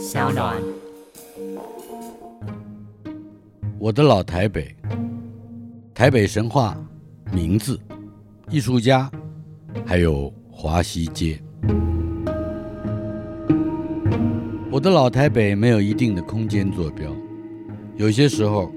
SoundOn，我的老台北，台北神話，名字，藝術家，還有華西街。我的老台北沒有一定的空間坐標。有些時候，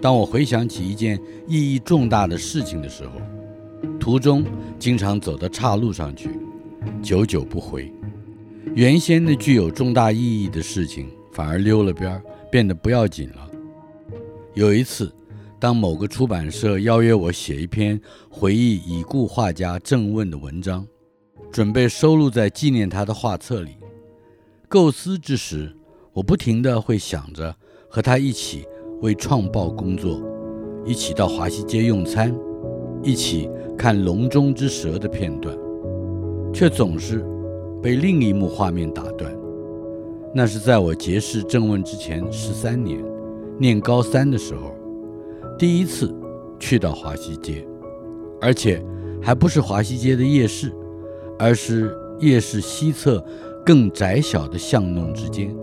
當我回想起一件意義重大的事情的時候，途中經常走到岔路上去，久久不回。原先那具有重大意義的事情，反而溜了邊兒，變得不要緊了。有一次，當某個出版社邀約我寫一篇回憶已故畫家鄭問的文章，準備收錄在紀念他的畫冊裡，構思之時，我不停地會想着和他一起為《創報》工作，一起到華西街用餐，一起看《籠中之蛇》的片段，卻總是，被另一幕畫面打斷，那是在我結識鄭問之前十三年，念高三的時候，第一次去到華西街，而且還不是華西街的夜市，而是夜市西側更窄小的巷弄之間。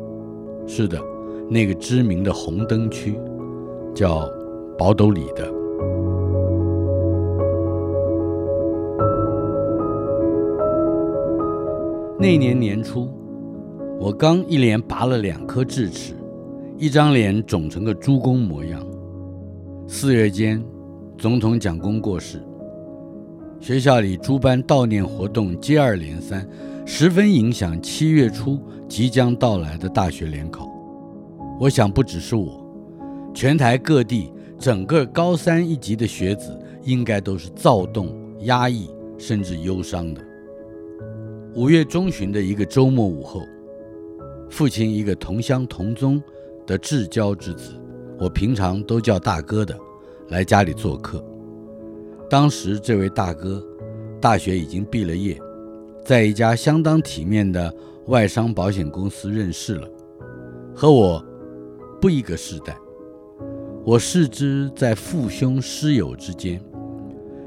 是的，那個知名的紅燈區，叫寶斗里的。那年年初，我剛一連拔了兩顆智齒，一張臉腫成個豬公模樣。四月間，總統蔣公過世，學校裡諸般悼念活動接二連三，十分影響七月初即將到來的大學聯考。我想，不只是我，全台各地整個高三一級的學子，應該都是躁動、壓抑，甚至憂傷的。五月中旬的一個週末午後，父親一個同鄉同宗的至交之子，我平常都叫大哥的，來家裡做客。當時這位大哥大學已經畢了業，在一家相當體面的外商保險公司任事了，和我不一個世代。我視之在父兄師友之間，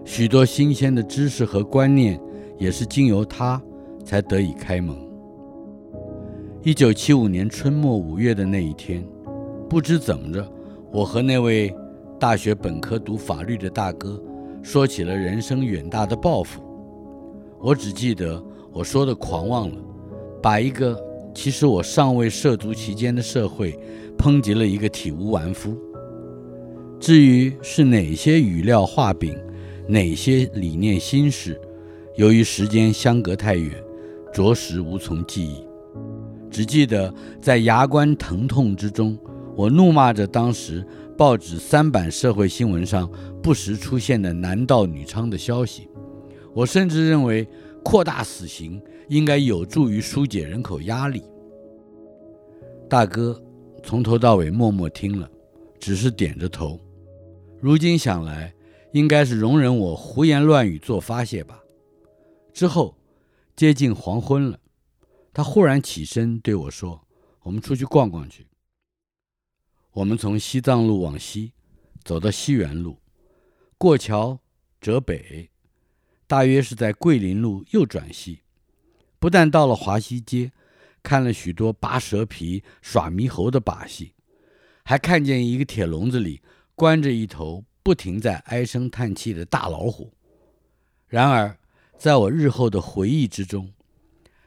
許多新鮮的知識和觀念，也是經由他。才得以開門。一九七五年春末五月的那一天，不知怎麼着，我和那位大學本科讀法律的大哥說起了人生遠大的抱負。我只記得我說得狂妄了，把一個其實我尚未涉足其間的社會抨擊了一個體無完膚。至於是哪些語料畫餅，哪些理念心事，由於時間相隔太遠。着實無從記憶，只記得在牙關疼痛之中，我怒罵着當時報紙三版社會新聞上不時出現的男盜女娼的消息。我甚至認為擴大死刑應該有助於疏解人口壓力。大哥從頭到尾默默聽了，只是點着頭。如今想來，應該是容忍我胡言亂語做發泄吧。之後。接近黃昏了，他忽然起身對我說：“我們出去逛逛去。”我們從西藏路往西，走到西園路，過橋折北，大約是在桂林路右轉西，不但到了華西街，看了許多拔蛇皮、耍獼猴的把戲，還看見一個鐵籠子裡關着一頭不停在唉聲嘆氣的大老虎。然而，在我日後的回憶之中，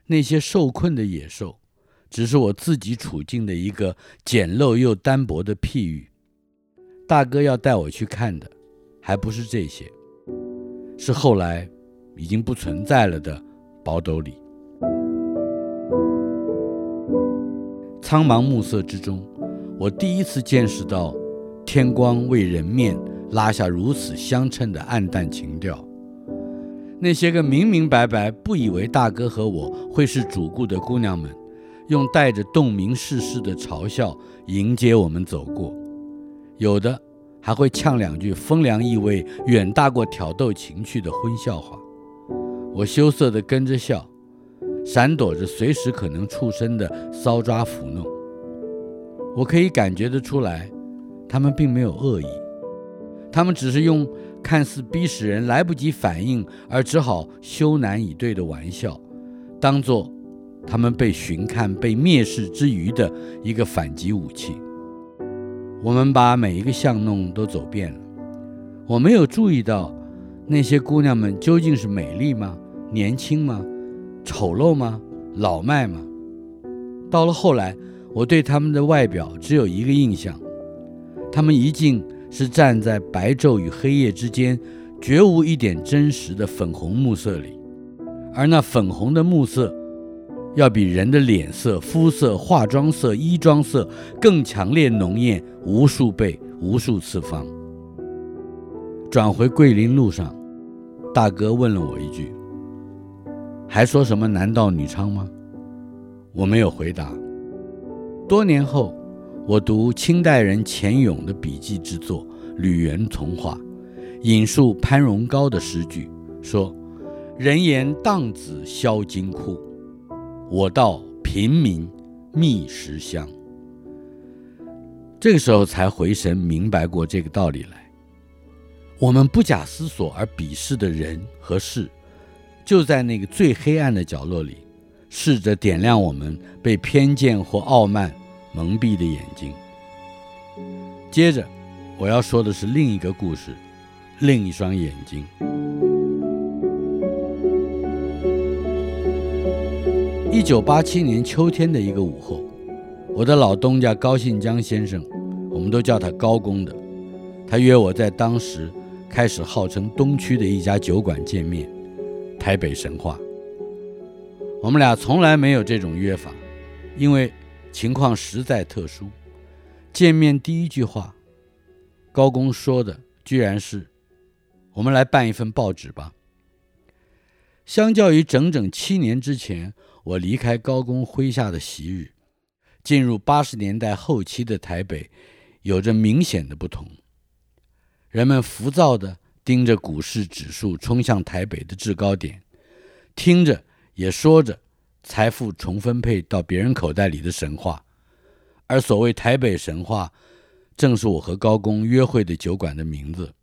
那些受困的野獸，只是我自己處境的一個簡陋又單薄的譬喻。大哥要帶我去看的，還不是這些，是後來已經不存在了的寶斗里。蒼茫暮色之中，我第一次見識到天光為人面拉下如此相稱的黯淡情調。那些個明明白白不以為大哥和我會是主顧的姑娘們，用帶着洞明世事的嘲笑迎接我們走過，有的還會嗆兩句風涼意味遠大過挑逗情趣的葷笑話。我羞澀地跟着笑，閃躲着隨時可能觸身的搔抓撫弄。我可以感覺得出來，他們並沒有惡意，他們只是用。看似逼使人來不及反應而只好羞慚以對的玩笑，當作他們被尋看、被蔑視之餘的一個反擊武器。我們把每一個巷弄都走遍了，我沒有注意到那些姑娘們究竟是美麗嗎？年輕嗎？醜陋嗎？老邁嗎？到了後來，我對他們的外表只有一個印象：她們一進。是站在白晝與黑夜之間，絕無一點真實的粉紅暮色裡，而那粉紅的暮色，要比人的臉色、膚色、化妝色、衣裝色更強烈濃豔無數倍、無數次方。轉回桂林路上，大哥問了我一句，還說什麼男盜女娼嗎？我沒有回答。多年後。我讀清代人錢泳的筆記之作《履園叢話》，引述潘榮高的詩句說：“人言蕩子銷金窟，我道貧民覓食鄉。”這個時候才回神明白過這個道理來。我們不假思索而鄙視的人和事，就在那個最黑暗的角落裡，試着點亮我們被偏見或傲慢，蒙蔽的眼睛。接着，我要說的是另一個故事，另一雙眼睛。一九八七年秋天的一個午後，我的老東家高信疆先生，我們都叫他高公的，他約我在當時開始號稱東區的一家酒館見面，台北神話。我們倆從來沒有這種約法，因為，情況實在特殊，見面第一句話，高公說的居然是：“我們來辦一份報紙吧。”相較於整整七年之前我離開高公麾下的昔日，進入八十年代後期的台北，有着明顯的不同。人們浮躁地盯着股市指數衝向台北的制高點，聽着也說着。財富重分配到別人口袋裡的神話，而所謂台北神話，正是我和高工約會的酒館的名字。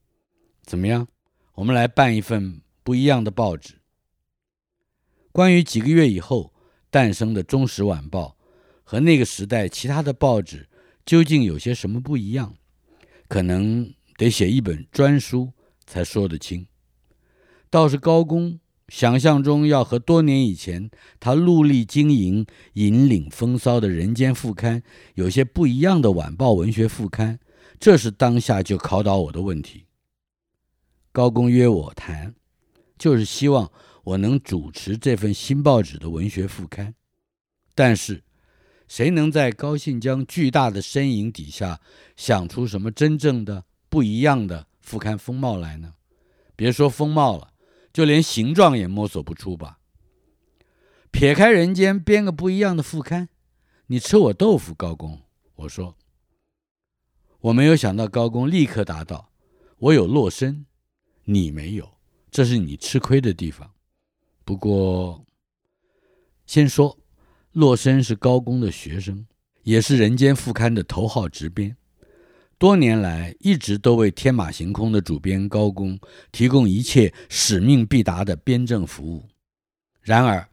怎麼樣？我們來辦一份不一樣的報紙。關於幾個月以後誕生的《中時晚報》和那個時代其他的報紙究竟有些什麼不一樣，可能得寫一本專書才說得清。倒是高工，想象中要和多年以前他戮力經營、引領風騷的人間副刊有些不一樣的晚報文學副刊，這是當下就考倒我的問題。高公約我談，就是希望我能主持這份新報紙的文學副刊。但是，誰能在高信疆巨大的身影底下想出什麼真正的不一樣的副刊風貌來呢？別說風貌了。就連形狀也摸索不出吧？撇開人間編個不一樣的副刊，你吃我豆腐，高公，我說。我沒有想到高公立刻答道：“我有洛參，你沒有，這是你吃虧的地方。不過，先說，洛參是高公的學生，也是人間副刊的頭號執編。”多年來一直都為天馬行空的主編高工提供一切使命必達的編政服務。然而，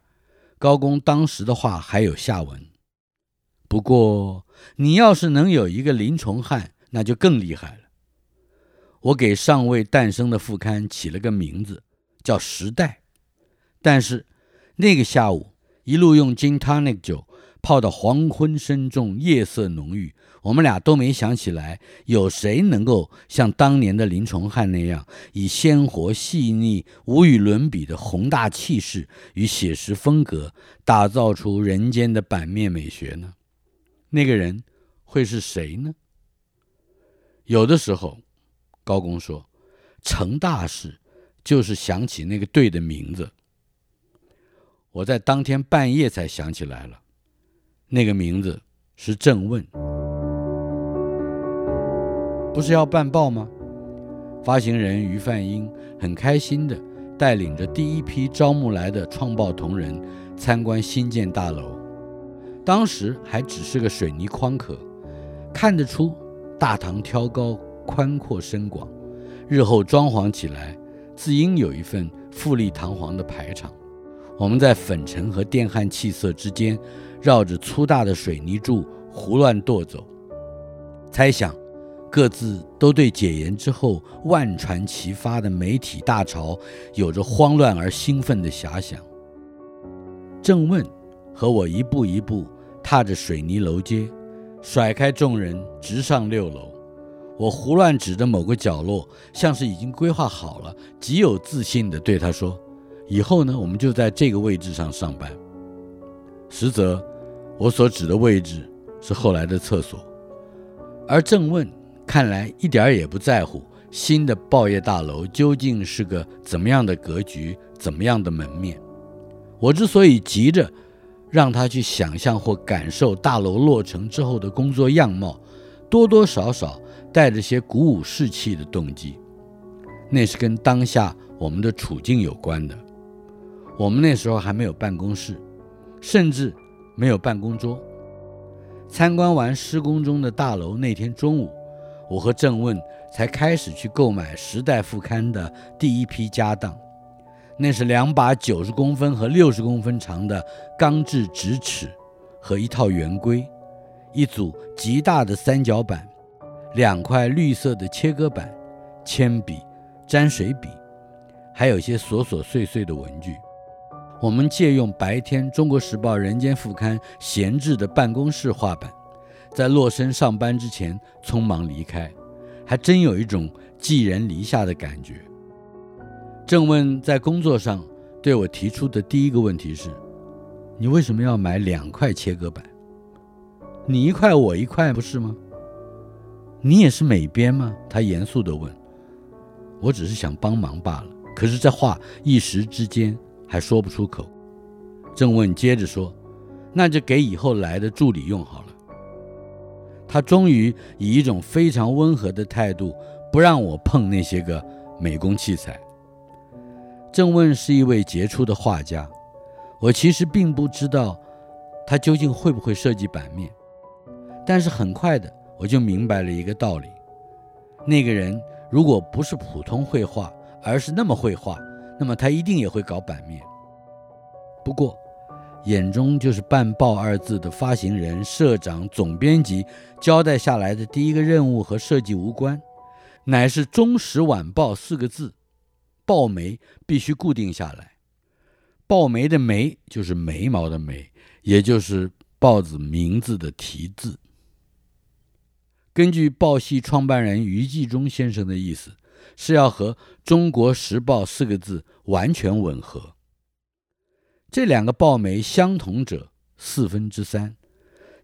高工當時的話還有下文。不過，你要是能有一個林崇漢，那就更厲害了。我給尚未誕生的副刊起了個名字，叫《時代》。但是，那個下午一路用金湯尼酒泡到黃昏深重，夜色濃郁，我們倆都沒想起來，有誰能夠像當年的林崇漢那樣，以鮮活細膩、無與倫比的宏大氣勢與寫實風格，打造出人間的版面美學呢？那個人會是誰呢？有的時候，高公說，成大事就是想起那個對的名字。我在當天半夜才想起來了。那個名字是鄭問。不是要辦報嗎？發行人余范英很開心地帶領着第一批招募來的創報同仁參觀新建大樓，當時還只是個水泥框殼，看得出大堂挑高寬闊深廣，日後裝潢起來自應有一份富麗堂皇的排場。我們在粉塵和電焊氣色之間。繞着粗大的水泥柱胡亂踱走，猜想各自都對解嚴之後萬船齊发的媒體大潮有着慌亂而興奮的遐想。鄭問和我一步一步踏着水泥樓階，甩開眾人直上六樓。我胡亂指着某個角落，像是已經規劃好了，極有自信地對他說：“以後呢，我們就在這個位置上上班。”實則。我所指的位置是後來的廁所，而鄭問看來一點也不在乎新的報業大樓究竟是個怎麼樣的格局、怎麼樣的門面。我之所以急着讓他去想象或感受大樓落成之後的工作樣貌，多多少少帶着些鼓舞士氣的動機，那是跟當下我們的處境有關的。我們那時候還沒有辦公室，甚至。沒有辦公桌。參觀完施工中的大樓那天中午，我和鄭問才開始去購買《時代副刊》的第一批家當。那是兩把九十公分和六十公分長的鋼制直尺，和一套圓規，一組極大的三角板，兩塊綠色的切割板，鉛筆、沾水筆，還有些瑣瑣碎碎的文具。我們借用白天《中國時報》《人間副刊》閒置的辦公室畫板，在洛生上班之前匆忙離開，還真有一種寄人籬下的感覺。鄭問在工作上對我提出的第一個問題是：“你為什麼要買兩塊切割板？你一塊我一塊，不是嗎？”“你也是美編嗎？”他嚴肅地問。“我只是想幫忙罷了。”可是這話一時之間，還說不出口，鄭問接着說：“那就給以後來的助理用好了。”他終於以一種非常溫和的態度，不讓我碰那些個美工器材。鄭問是一位傑出的畫家，我其實並不知道他究竟會不會設計版面，但是很快的我就明白了一個道理：那個人如果不是普通繪畫，而是那麼會畫。那麼他一定也會搞版面。不過，眼中就是“辦報”二字的發行人、社長、總編輯交代下來的第一個任務和設計無關，乃是“中時晚報”四個字，報眉必須固定下來。報眉的眉就是眉毛的眉，也就是報紙名字的題字。根據報系創辦人余紀忠先生的意思。是要和《中國時報》四個字完全吻合。這兩個報名相同者四分之三，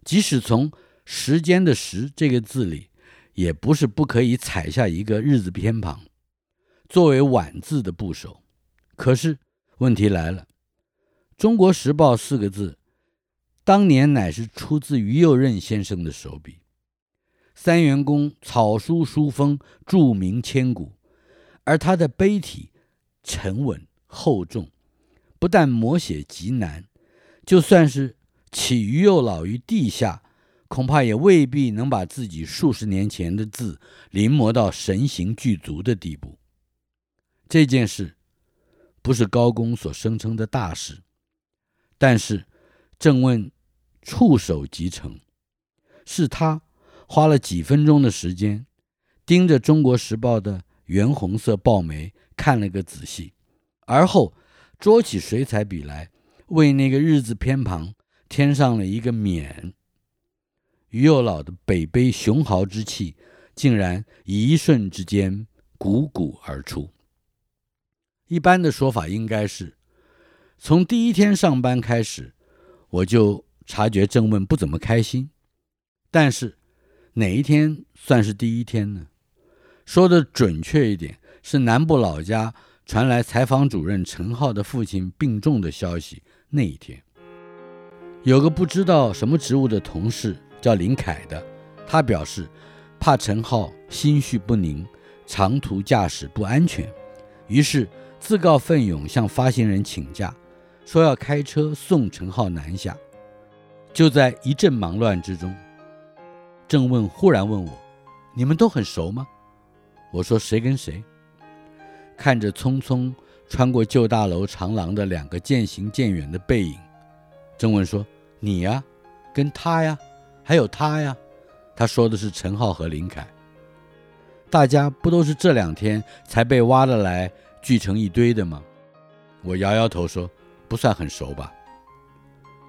即使從“時間”的“時”這個字裡，也不是不可以採下一個“日”字偏旁，作為“晚”字的部首。可是，問題來了，《中國時報》四個字，當年乃是出自於右任先生的手筆。三元公草書書風著名千古，而他的碑體沉穩厚重，不但摹寫極難，就算是起於幼老於地下，恐怕也未必能把自己數十年前的字臨摹到神形俱足的地步。這件事不是高公所聲稱的大事，但是鄭問觸手即成，是他。花了幾分鐘的時間，盯着《中國時報》的原紅色報眉看了個仔細，而後捉起水彩筆來，為那個“日”字偏旁添上了一個“免”。於右老的北碑雄豪之氣，竟然一瞬之間汩汩而出。一般的說法應該是，從第一天上班開始，我就察覺鄭問不怎麼開心，但是。哪一天算是第一天呢？說的準確一點，是南部老家傳來採訪主任陳浩的父親病重的消息那一天。有個不知道什麼職務的同事叫林凱的，他表示怕陳浩心緒不寧，長途駕駛不安全，於是自告奮勇向發行人請假，說要開車送陳浩南下。就在一陣忙亂之中，鄭問忽然問我：“你們都很熟嗎？”我說：“誰跟誰？”看着匆匆穿過舊大樓長廊的兩個漸行漸遠的背影，鄭問說：“你呀，跟他呀，還有他呀。”他說的是陳浩和林凱。大家不都是這兩天才被挖了來聚成一堆的嗎？我搖搖頭說：“不算很熟吧，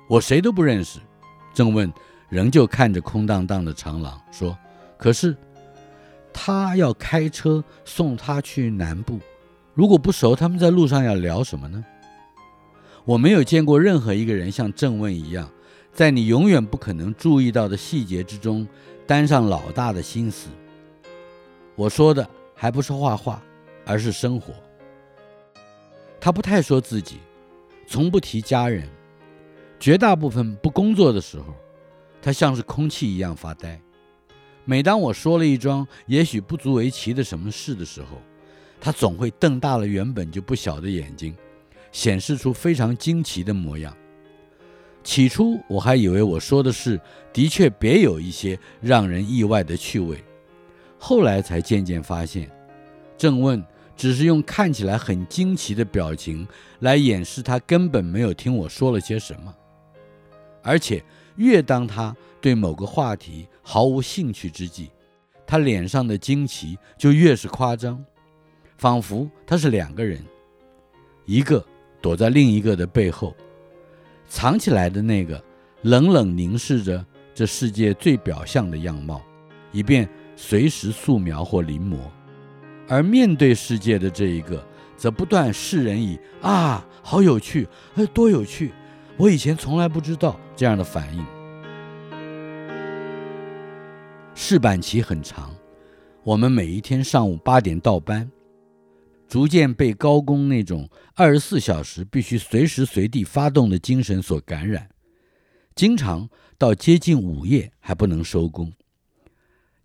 我誰都不認識。”鄭問，仍舊看着空荡荡的長廊，說：“可是，他要開車送他去南部。如果不熟，他們在路上要聊什麼呢？我沒有見過任何一個人像鄭問一樣，在你永遠不可能注意到的細節之中，擔上老大的心思。我說的還不是畫畫，而是生活。他不太說自己，從不提家人，絕大部分不工作的時候。”他像是空氣一樣發呆。每當我說了一樁也許不足為奇的什麼事的時候，他總會瞪大了原本就不小的眼睛，顯示出非常驚奇的模樣。起初我還以為我說的事的確別有一些讓人意外的趣味，後來才漸漸發現，鄭問只是用看起來很驚奇的表情來掩飾他根本沒有聽我說了些什麼，而且。越當他對某個話題毫無興趣之際，他臉上的驚奇就越是誇張，仿佛他是兩個人，一個躲在另一個的背後，藏起來的那個冷冷凝視着這世界最表象的樣貌，以便隨時素描或臨摹；而面對世界的這一個，則不斷示人以“啊，好有趣，哎，多有趣。”我以前從來不知道這樣的反應。試板期很長，我們每一天上午八點到班，逐漸被高工那種二十四小時必須隨時隨地發動的精神所感染，經常到接近午夜還不能收工。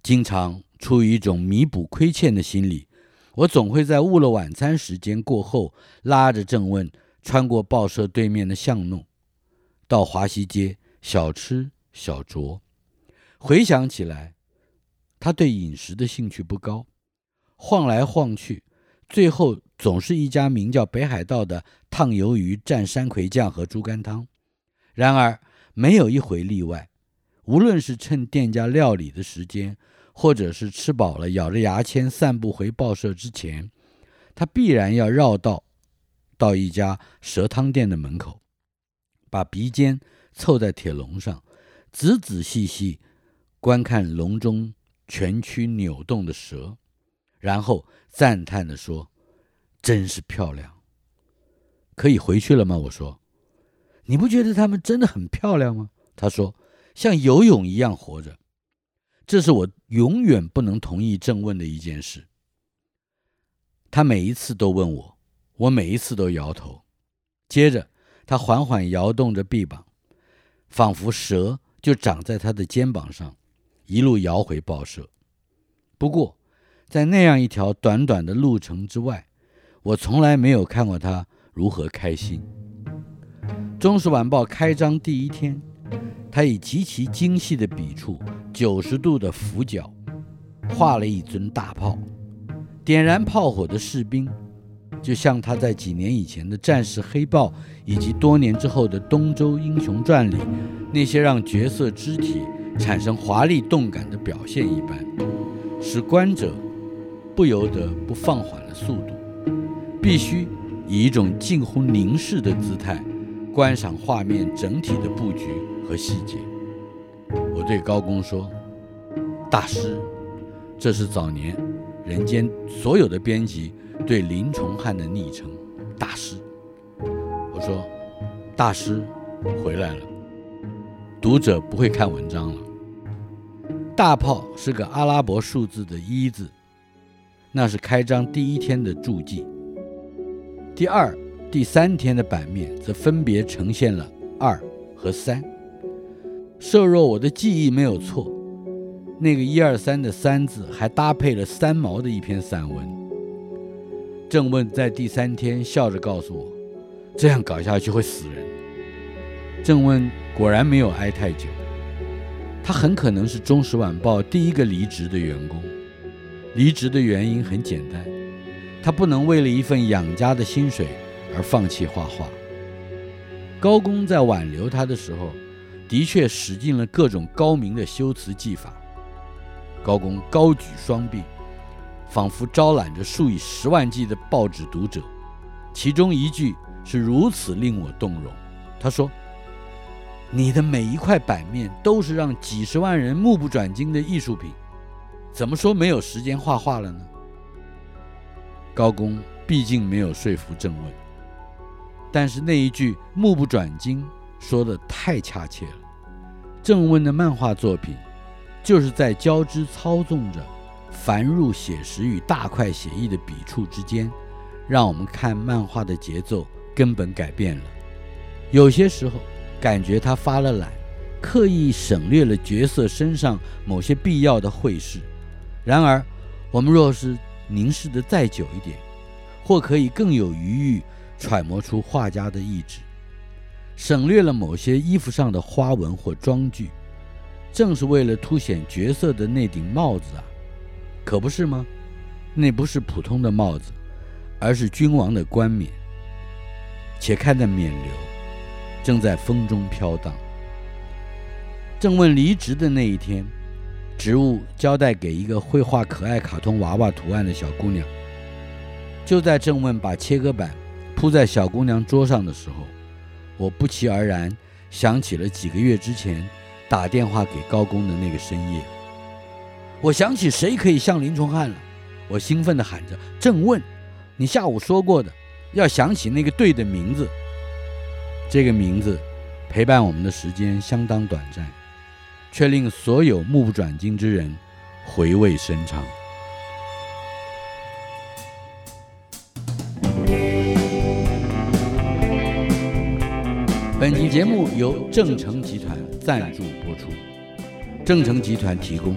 經常出於一種彌補虧欠的心理，我總會在誤了晚餐時間過後，拉着鄭問穿過報社對面的巷弄。到華西街小吃小酌，回想起來，他對飲食的興趣不高，晃來晃去，最後總是一家名叫北海道的燙魷魚蘸山葵醬和豬肝湯。然而沒有一回例外，無論是趁店家料理的時間，或者是吃飽了咬着牙籤散步回報社之前，他必然要繞道到，到一家蛇湯店的門口。把鼻尖湊在鐵籠上，仔仔細細觀看籠中蜷曲扭動的蛇，然後讚嘆地說：“真是漂亮。”可以回去了嗎？我說：“你不覺得他們真的很漂亮嗎？”他說：“像游泳一樣活着，這是我永遠不能同意鄭問的一件事。”他每一次都問我，我每一次都搖頭。接着。他緩緩搖動着臂膀，仿佛蛇就長在他的肩膀上，一路搖回報社。不過，在那樣一條短短的路程之外，我從來沒有看過他如何開心。《中時晚報》開張第一天，他以極其精細的筆觸、九十度的俯角，畫了一尊大炮，點燃炮火的士兵。就像他在幾年以前的《戰士黑豹》以及多年之後的《東周英雄傳》裡，那些讓角色肢體產生華麗動感的表現一般，使觀者不由得不放緩了速度，必須以一種近乎凝視的姿態觀賞畫面整體的布局和細節。我對高工說：“大師，這是早年人間所有的編輯。”對林崇漢的昵稱“大師”，我說：“大師回來了。”讀者不會看文章了。大炮是個阿拉伯數字的一字，那是開張第一天的注記。第二、第三天的版面則分別呈現了二和三。設若我的記憶沒有錯，那個一二三的三字還搭配了三毛的一篇散文。鄭問在第三天笑着告訴我：“這樣搞下去會死人。”鄭問果然沒有挨太久，他很可能是《中時晚報》第一個離職的員工。離職的原因很簡單，他不能為了一份養家的薪水而放棄畫畫。高公在挽留他的時候，的確使盡了各種高明的修辭技法。高公高舉雙臂。仿佛招攬着數以十萬計的報紙讀者，其中一句是如此令我動容。他說：“你的每一塊版面都是讓幾十萬人目不轉睛的藝術品，怎麼說沒有時間畫畫了呢？”高工畢竟沒有說服鄭問，但是那一句‘目不轉睛’說得太恰切了。鄭問的漫畫作品，就是在交織操縱着。繁入寫實與大塊寫意的筆觸之間，讓我們看漫畫的節奏根本改變了。有些時候感覺他發了懶，刻意省略了角色身上某些必要的繪飾。然而，我們若是凝視得再久一點，或可以更有餘裕揣摩出畫家的意志。省略了某些衣服上的花紋或裝具，正是為了凸顯角色的那頂帽子啊。可不是嗎？那不是普通的帽子，而是君王的冠冕。且看在冕旒，正在風中飄蕩。鄭問離職的那一天，職務交代給一個會畫可愛卡通娃娃圖案的小姑娘。就在鄭問把切割板鋪在小姑娘桌上的時候，我不期而然想起了幾個月之前打電話給高工的那個深夜。我想起誰可以像林崇漢了，我興奮地喊着。鄭問，你下午說過的，要想起那個對的名字。這個名字，陪伴我們的時間相當短暫，卻令所有目不轉睛之人回味深長。本期節目由正成集團贊助播出，正成集團提供。